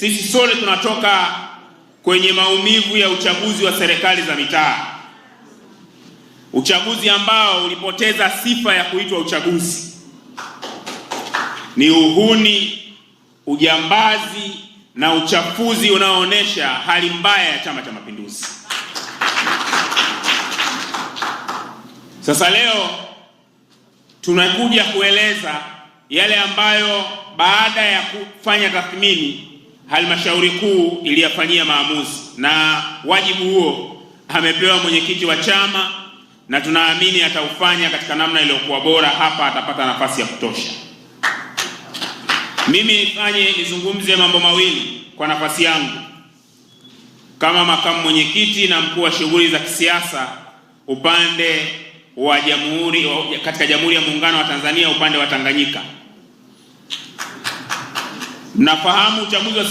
Sisi sote tunatoka kwenye maumivu ya uchaguzi wa serikali za mitaa, uchaguzi ambao ulipoteza sifa ya kuitwa uchaguzi. Ni uhuni, ujambazi na uchafuzi unaoonyesha hali mbaya ya Chama cha Mapinduzi. Sasa leo tunakuja kueleza yale ambayo baada ya kufanya tathmini halmashauri kuu iliyafanyia maamuzi, na wajibu huo amepewa mwenyekiti wa chama, na tunaamini ataufanya katika namna iliyokuwa bora. Hapa atapata nafasi ya kutosha. Mimi nifanye nizungumze mambo mawili kwa nafasi yangu kama makamu mwenyekiti na mkuu wa shughuli za kisiasa upande wa jamhuri katika Jamhuri ya Muungano wa Tanzania upande wa Tanganyika nafahamu uchaguzi wa